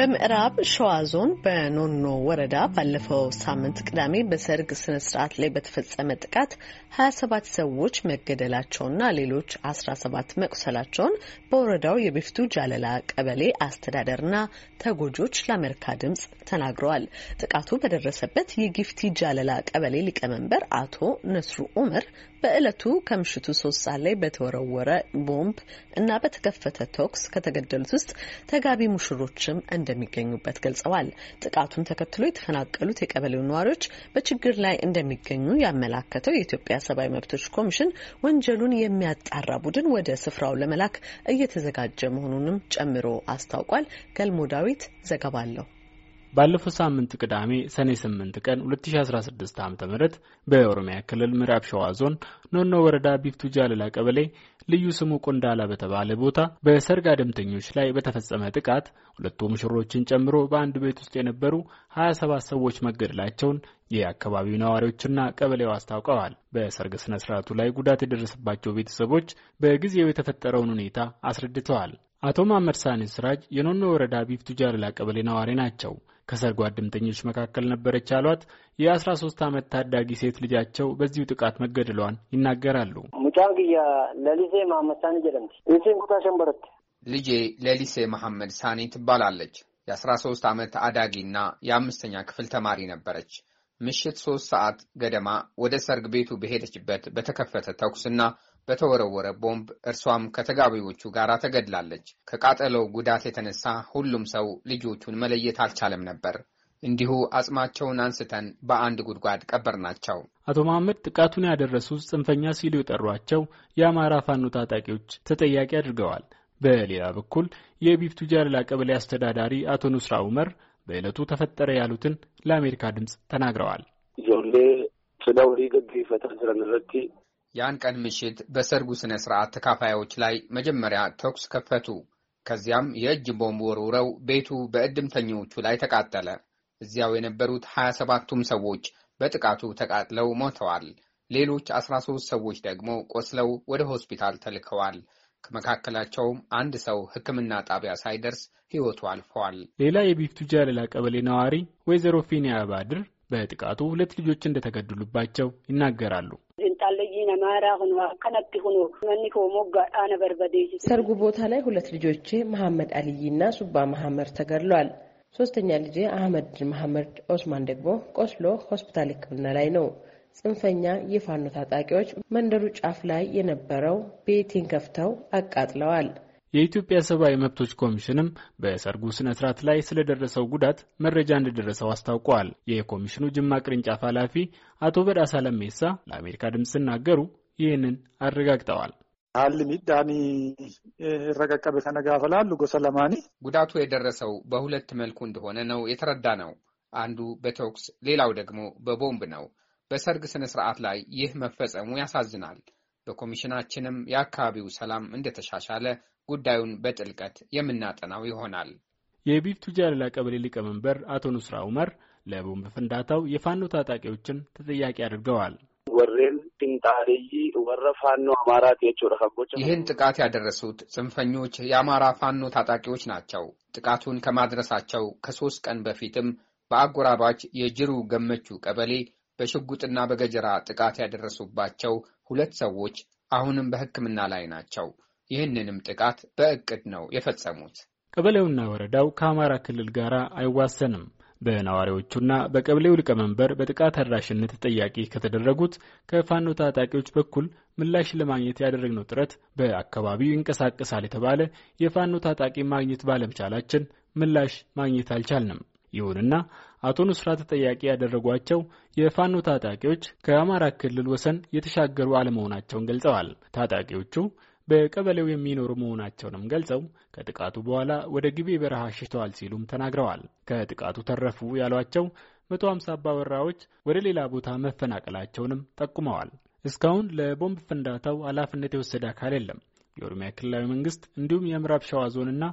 በምዕራብ ሸዋ ዞን በኖኖ ወረዳ ባለፈው ሳምንት ቅዳሜ በሰርግ ስነ ስርዓት ላይ በተፈጸመ ጥቃት 27 ሰዎች መገደላቸውና ሌሎች 17 መቁሰላቸውን በወረዳው የቢፍቱ ጃለላ ቀበሌ አስተዳደርና ተጎጆች ለአሜሪካ ድምጽ ተናግረዋል። ጥቃቱ በደረሰበት የጊፍቲ ጃለላ ቀበሌ ሊቀመንበር አቶ ነስሩ ኡመር በዕለቱ ከምሽቱ ሶስት ሰዓት ላይ በተወረወረ ቦምብ እና በተከፈተ ተኩስ ከተገደሉት ውስጥ ተጋቢ ሙሽሮችም እንደሚገኙበት ገልጸዋል። ጥቃቱን ተከትሎ የተፈናቀሉት የቀበሌው ነዋሪዎች በችግር ላይ እንደሚገኙ ያመላከተው የኢትዮጵያ ሰብአዊ መብቶች ኮሚሽን ወንጀሉን የሚያጣራ ቡድን ወደ ስፍራው ለመላክ እየተዘጋጀ መሆኑንም ጨምሮ አስታውቋል። ገልሞ ዳዊት ዘገባ አለው። ባለፈው ሳምንት ቅዳሜ ሰኔ 8 ቀን 2016 ም በኦሮሚያ ክልል ምዕራብ ሸዋ ዞን ኖኖ ወረዳ ቢፍቱ ጃልላ ቀበሌ ልዩ ስሙ ቆንዳላ በተባለ ቦታ በሰርግ አደምተኞች ላይ በተፈጸመ ጥቃት ሁለቱ ሙሽሮችን ጨምሮ በአንድ ቤት ውስጥ የነበሩ 27 ሰዎች መገደላቸውን የአካባቢው ነዋሪዎችና ቀበሌው አስታውቀዋል። በሰርግ ስነ ስርዓቱ ላይ ጉዳት የደረሰባቸው ቤተሰቦች በጊዜው የተፈጠረውን ሁኔታ አስረድተዋል። አቶ መሐመድ ሳኒ ስራጅ የኖኖ ወረዳ ቢፍቱ ጃልላ ቀበሌ ነዋሪ ናቸው። ከሰርጉ አድምተኞች መካከል ነበረች ያሏት የ13 ዓመት ታዳጊ ሴት ልጃቸው በዚሁ ጥቃት መገደሏን ይናገራሉ። ሙጫን ግያ ለሊሴ መሐመድ ሳኒ ጀለምቲ ኩታ ሸንበረት ልጄ ለሊሴ መሐመድ ሳኒ ትባላለች። የ13 ዓመት አዳጊና የአምስተኛ ክፍል ተማሪ ነበረች። ምሽት ሶስት ሰዓት ገደማ ወደ ሰርግ ቤቱ በሄደችበት በተከፈተ ተኩስና በተወረወረ ቦምብ እርሷም ከተጋቢዎቹ ጋር ተገድላለች። ከቃጠለው ጉዳት የተነሳ ሁሉም ሰው ልጆቹን መለየት አልቻለም ነበር። እንዲሁ አጽማቸውን አንስተን በአንድ ጉድጓድ ናቸው። አቶ መሐመድ ጥቃቱን ያደረሱ ጽንፈኛ ሲሉ የጠሯቸው የአማራ ፋኖ ታጣቂዎች ተጠያቂ አድርገዋል። በሌላ በኩል የቢፍቱ ጃለላ ቀበሌ አስተዳዳሪ አቶ ኑስራ ዑመር በዕለቱ ተፈጠረ ያሉትን ለአሜሪካ ድምፅ ተናግረዋል። ያን ቀን ምሽት በሰርጉ ስነ ስርዓት ተካፋዮች ላይ መጀመሪያ ተኩስ ከፈቱ። ከዚያም የእጅ ቦምብ ወርውረው ቤቱ በእድምተኞቹ ላይ ተቃጠለ። እዚያው የነበሩት ሀያ ሰባቱም ሰዎች በጥቃቱ ተቃጥለው ሞተዋል። ሌሎች አስራ ሶስት ሰዎች ደግሞ ቆስለው ወደ ሆስፒታል ተልከዋል። ከመካከላቸውም አንድ ሰው ሕክምና ጣቢያ ሳይደርስ ሕይወቱ አልፈዋል። ሌላ የቢፍቱ ጃለላ ቀበሌ ነዋሪ ወይዘሮ ፊኒያ ባድር በጥቃቱ ሁለት ልጆች እንደተገደሉባቸው ይናገራሉ። ሰርጉ ቦታ ላይ ሁለት ልጆቼ መሐመድ አልይና ሱባ መሐመድ ተገድሏል። ሶስተኛ ልጄ አህመድ መሐመድ ኦስማን ደግሞ ቆስሎ ሆስፒታል ሕክምና ላይ ነው። ጽንፈኛ የፋኖ ታጣቂዎች መንደሩ ጫፍ ላይ የነበረው ቤቴን ከፍተው አቃጥለዋል። የኢትዮጵያ ሰብአዊ መብቶች ኮሚሽንም በሰርጉ ስነ ስርዓት ላይ ስለደረሰው ጉዳት መረጃ እንደደረሰው አስታውቀዋል። የኮሚሽኑ ጅማ ቅርንጫፍ ኃላፊ አቶ በዳሳ ለሜሳ ለአሜሪካ ድምፅ ሲናገሩ ይህንን አረጋግጠዋል። ሀል ሚዳኒ ረቀቀበ ከነጋፈላሉ ጎሰ ለማኒ ጉዳቱ የደረሰው በሁለት መልኩ እንደሆነ ነው የተረዳ ነው። አንዱ በተኩስ ሌላው ደግሞ በቦምብ ነው። በሰርግ ስነ ስርዓት ላይ ይህ መፈጸሙ ያሳዝናል። በኮሚሽናችንም የአካባቢው ሰላም እንደተሻሻለ ጉዳዩን በጥልቀት የምናጠናው ይሆናል። የቢፍቱ ጃሌላ ቀበሌ ሊቀመንበር አቶ ኑስራ ኡመር ለቦምብ ፍንዳታው የፋኖ ታጣቂዎችን ተጠያቂ አድርገዋል። ይህን ጥቃት ያደረሱት ጽንፈኞች የአማራ ፋኖ ታጣቂዎች ናቸው። ጥቃቱን ከማድረሳቸው ከሶስት ቀን በፊትም በአጎራባች የጅሩ ገመቹ ቀበሌ በሽጉጥና በገጀራ ጥቃት ያደረሱባቸው ሁለት ሰዎች አሁንም በሕክምና ላይ ናቸው። ይህንንም ጥቃት በእቅድ ነው የፈጸሙት። ቀበሌውና ወረዳው ከአማራ ክልል ጋር አይዋሰንም። በነዋሪዎቹና በቀበሌው ሊቀመንበር በጥቃት አድራሽነት ተጠያቂ ከተደረጉት ከፋኖ ታጣቂዎች በኩል ምላሽ ለማግኘት ያደረግነው ጥረት በአካባቢው ይንቀሳቀሳል የተባለ የፋኖ ታጣቂ ማግኘት ባለመቻላችን ምላሽ ማግኘት አልቻልንም። ይሁንና አቶ ኑስራ ተጠያቂ ያደረጓቸው የፋኖ ታጣቂዎች ከአማራ ክልል ወሰን የተሻገሩ አለመሆናቸውን ገልጸዋል። ታጣቂዎቹ በቀበሌው የሚኖሩ መሆናቸውንም ገልጸው ከጥቃቱ በኋላ ወደ ግቤ በረሃ ሽተዋል ሲሉም ተናግረዋል። ከጥቃቱ ተረፉ ያሏቸው መቶ ሃምሳ አባወራዎች ወደ ሌላ ቦታ መፈናቀላቸውንም ጠቁመዋል። እስካሁን ለቦምብ ፍንዳታው ኃላፊነት የወሰደ አካል የለም። የኦሮሚያ ክልላዊ መንግስት እንዲሁም የምዕራብ ሸዋ ዞንና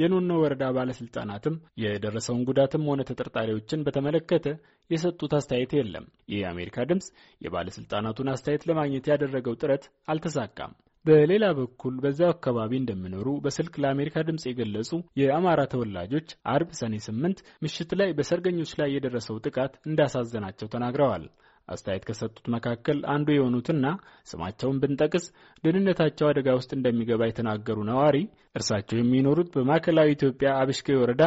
የኖኖ ወረዳ ባለስልጣናትም የደረሰውን ጉዳትም ሆነ ተጠርጣሪዎችን በተመለከተ የሰጡት አስተያየት የለም። ይህ የአሜሪካ ድምፅ የባለስልጣናቱን አስተያየት ለማግኘት ያደረገው ጥረት አልተሳካም። በሌላ በኩል በዚያው አካባቢ እንደሚኖሩ በስልክ ለአሜሪካ ድምፅ የገለጹ የአማራ ተወላጆች አርብ ሰኔ ስምንት ምሽት ላይ በሰርገኞች ላይ የደረሰው ጥቃት እንዳሳዘናቸው ተናግረዋል። አስተያየት ከሰጡት መካከል አንዱ የሆኑትና ስማቸውን ብንጠቅስ ደህንነታቸው አደጋ ውስጥ እንደሚገባ የተናገሩ ነዋሪ እርሳቸው የሚኖሩት በማዕከላዊ ኢትዮጵያ አብሽጌ ወረዳ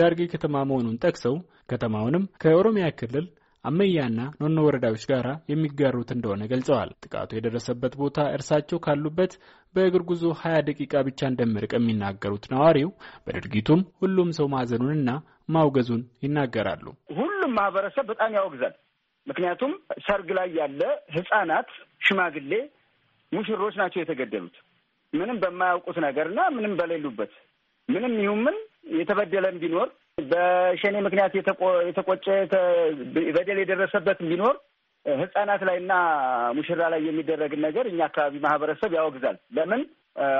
ዳርጌ ከተማ መሆኑን ጠቅሰው ከተማውንም ከኦሮሚያ ክልል አመያና ኖኖ ወረዳዎች ጋር የሚጋሩት እንደሆነ ገልጸዋል። ጥቃቱ የደረሰበት ቦታ እርሳቸው ካሉበት በእግር ጉዞ ሀያ ደቂቃ ብቻ እንደሚርቅ የሚናገሩት ነዋሪው በድርጊቱም ሁሉም ሰው ማዘኑንና ማውገዙን ይናገራሉ። ሁሉም ማህበረሰብ በጣም ያወግዛል። ምክንያቱም ሰርግ ላይ ያለ ህጻናት፣ ሽማግሌ፣ ሙሽሮች ናቸው የተገደሉት። ምንም በማያውቁት ነገርና ምንም በሌሉበት ምንም ይሁን ምን የተበደለም ቢኖር በሸኔ ምክንያት የተቆጨ በደል የደረሰበት ቢኖር ህጻናት ላይና ሙሽራ ላይ የሚደረግን ነገር እኛ አካባቢ ማህበረሰብ ያወግዛል። ለምን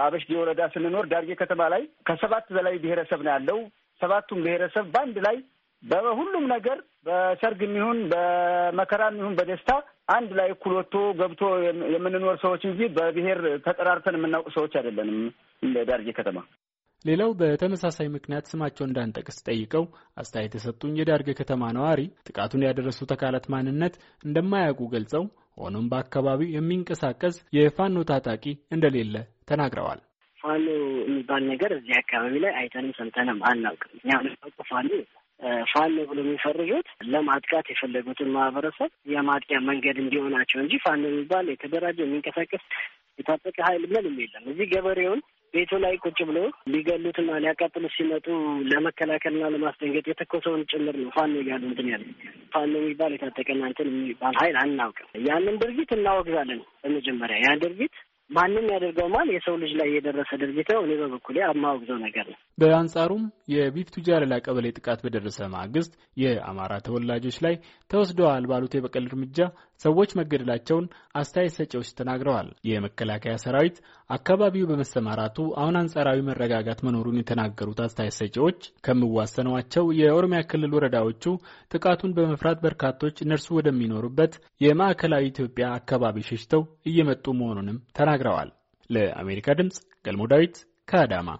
አበሽጌ ወረዳ ስንኖር ዳርጌ ከተማ ላይ ከሰባት በላይ ብሔረሰብ ነው ያለው። ሰባቱም ብሔረሰብ በአንድ ላይ በሁሉም ነገር በሰርግ የሚሆን በመከራ የሚሆን በደስታ አንድ ላይ እኩል ወጥቶ ገብቶ የምንኖር ሰዎች እንጂ በብሔር ተጠራርተን የምናውቅ ሰዎች አይደለንም። እንደ ዳርጌ ከተማ ሌላው በተመሳሳይ ምክንያት ስማቸው እንዳንጠቅስ ጠይቀው አስተያየት የሰጡኝ የዳርጌ ከተማ ነዋሪ ጥቃቱን ያደረሱት አካላት ማንነት እንደማያውቁ ገልጸው ሆኖም በአካባቢው የሚንቀሳቀስ የፋኖ ታጣቂ እንደሌለ ተናግረዋል። ፋኖ የሚባል ነገር እዚህ አካባቢ ላይ አይተንም ሰምተንም አናውቅም። እኛ ፋኖ ፋኖ ብሎ የሚፈርጁት ለማጥቃት የፈለጉትን ማህበረሰብ የማጥቂያ መንገድ እንዲሆናቸው እንጂ ፋኖ የሚባል የተደራጀ የሚንቀሳቀስ የታጠቀ ኃይል ምንም የለም። እዚህ ገበሬውን ቤቱ ላይ ቁጭ ብሎ ሊገሉትና ሊያቃጥሉት ሲመጡ ለመከላከልና ለማስደንገጥ የተኮሰውን ጭምር ነው ፋኖ እያሉ እንትን ያለ ፋኖ የሚባል የታጠቀና እንትን የሚባል ኃይል አናውቅም። ያንን ድርጊት እናወግዛለን። በመጀመሪያ ያ ድርጊት ማንም ያደርገው ማል የሰው ልጅ ላይ የደረሰ ድርጊት ነው። እኔ በበኩሌ የማወግዘው ነገር ነው። በአንጻሩም የቢፍቱ ጃለላ ቀበሌ ጥቃት በደረሰ ማግስት የአማራ ተወላጆች ላይ ተወስደዋል ባሉት የበቀል እርምጃ ሰዎች መገደላቸውን አስተያየት ሰጪዎች ተናግረዋል። የመከላከያ ሰራዊት አካባቢው በመሰማራቱ አሁን አንጻራዊ መረጋጋት መኖሩን የተናገሩት አስተያየት ሰጪዎች ከሚዋሰኗቸው የኦሮሚያ ክልል ወረዳዎቹ ጥቃቱን በመፍራት በርካቶች እነርሱ ወደሚኖሩበት የማዕከላዊ ኢትዮጵያ አካባቢ ሸሽተው እየመጡ መሆኑንም ተናግረዋል። ለአሜሪካ ድምፅ ገልሞ ዳዊት ከአዳማ